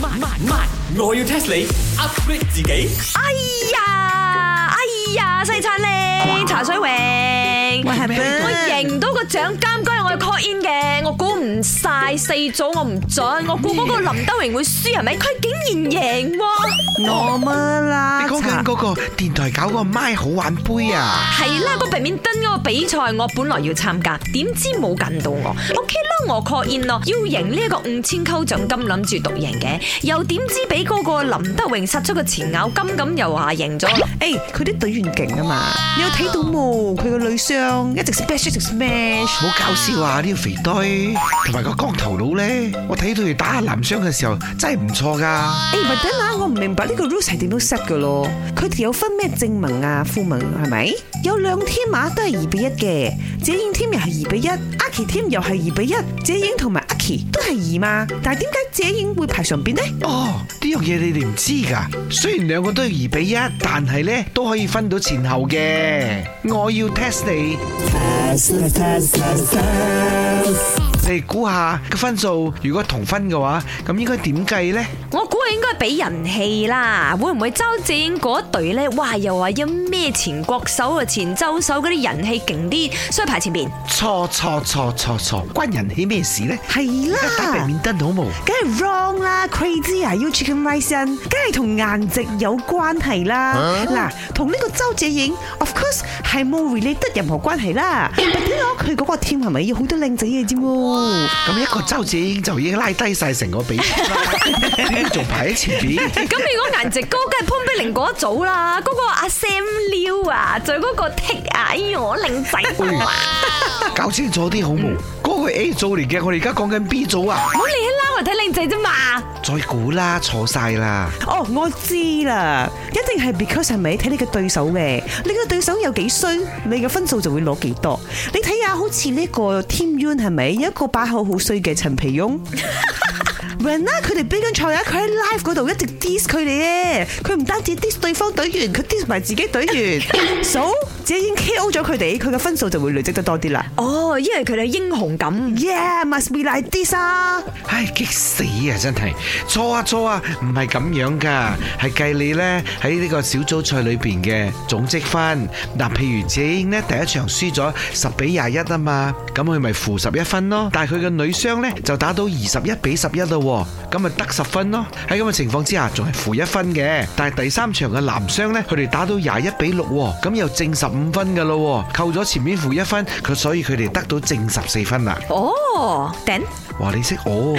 慢慢我要 test 你 upgrade 自己。哎呀，哎呀，西餐靚，茶水位。係咪嗰個？我贏到個獎金，日我 call in 嘅。我估唔晒四組，我唔準。我估嗰個林德榮會輸，係咪？佢竟然贏喎，哦！我乜啦？你講緊嗰個電台搞個咪好玩杯啊？係啦哇，個平面燈嗰個比賽，我本來要參加，點知冇揀到我。OK 啦，我 call in 咯，要贏呢一個五千鳩獎金，諗住獨贏嘅，又點知俾嗰個林德榮殺出個程咬金咁，又話贏咗。誒、欸，佢啲隊員勁啊嘛，哇你有睇到冇？佢個女傷。一直 special，一直 smash，好搞笑啊！呢、這個肥呆同埋個光頭佬咧，我睇到佢打下男雙嘅時候真係唔錯噶。哎，等等，我唔明白呢個 rule 係點樣 set 嘅咯？佢哋有分咩正文啊副文係咪？有兩 team 都係二比一嘅，謝穎 team 又係二比一，阿奇 team 又係二比一，謝穎同埋。都係二嘛，但係點解遮影會排上邊呢？哦，呢樣嘢你哋唔知噶。雖然兩個都係二比一，但係呢都可以分到前後嘅。我要 test 你。你估下個分數，如果同分嘅話，咁應該點計咧？我估係應該俾人氣啦，會唔會周子瑩嗰隊咧？哇，又話有咩前國手啊、前州手嗰啲人氣勁啲，所以排前邊？錯錯錯錯錯，關人氣咩事咧？係啦，得人面得到冇？梗係 wrong 啦，crazy 啊，u chicken rising，梗係同顏值有關係啦。嗱、啊，同呢個周子瑩 of course 係冇 related 任何關係啦。點解佢嗰個 team 係咪有好多靚仔嘅啫？咁、哦、一個周子英就已經拉低晒成個比賽啦，點仲排喺前邊？咁如果顏值高，梗係潘碧玲 e 嗰一組啦，嗰、那個阿 Sam Liu 啊，仲有嗰個 T 啊、哎，哎呀，靚仔啊！搞清楚啲好冇，嗰、嗯、個 A 組嚟嘅，我哋而家講緊 B 組啊。哦你睇靚仔啫嘛，再估啦，錯晒啦。哦，我知啦，一定係 because 係咪睇你嘅對手嘅，你嘅對手有幾衰，你嘅分數就會攞幾多。你睇下，好似呢個 team 係咪有一個把口好衰嘅陳皮翁。 When 啦，佢哋比緊賽啊，佢喺 live 嗰度一直 diss 佢哋咧。佢唔單止 diss 對方隊員，佢 diss 埋自己隊員。So 謝英 KO 咗佢哋，佢嘅分數就會累積得多啲啦。哦，因為佢哋英雄咁。Yeah，must be like this、哎、啊！唉，激死啊！真係錯啊錯啊，唔係咁樣噶，係計你咧喺呢個小組賽裏邊嘅總積分。嗱、呃，譬如謝英呢第一場輸咗十比廿一啊嘛，咁佢咪負十一分咯。但係佢嘅女雙咧就打到二十一比十一。咁咪得十分咯。喺咁嘅情況之下，仲係負一分嘅。但係第三場嘅男雙咧，佢哋打到廿一比六，咁又正十五分噶咯。扣咗前面負一分，佢所以佢哋得到正十四分啦。哦，頂。哇，你識哦？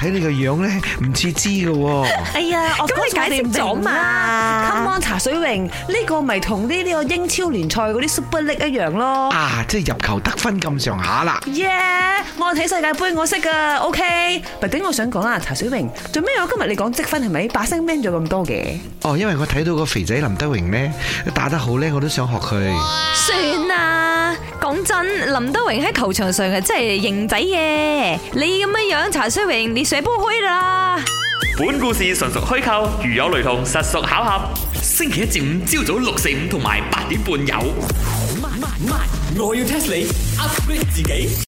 睇你個樣咧，唔似知噶。哎呀，我可以解釋咗嘛？Come on，查水泳呢、呢個咪同呢呢個英超聯賽嗰啲 super league 一樣咯。啊，即係入球得分咁上下啦。耶！我睇世界盃我識噶。Okay。唔係，等我想講啊，查小榮，做咩我今日你講積分係咪把聲 man 咗咁多嘅？哦，因為我睇到個肥仔林德榮咧，打得好叻，我都想學佢。算啦，講真，林德榮喺球場上嘅真係型仔嘅，你咁樣樣，茶水榮你水波開啦。本故事純屬虛構，如有雷同，實屬巧合。星期一至五朝早六四五同埋八點半有。My, my, my. 我要 test 你，upgrade 自己。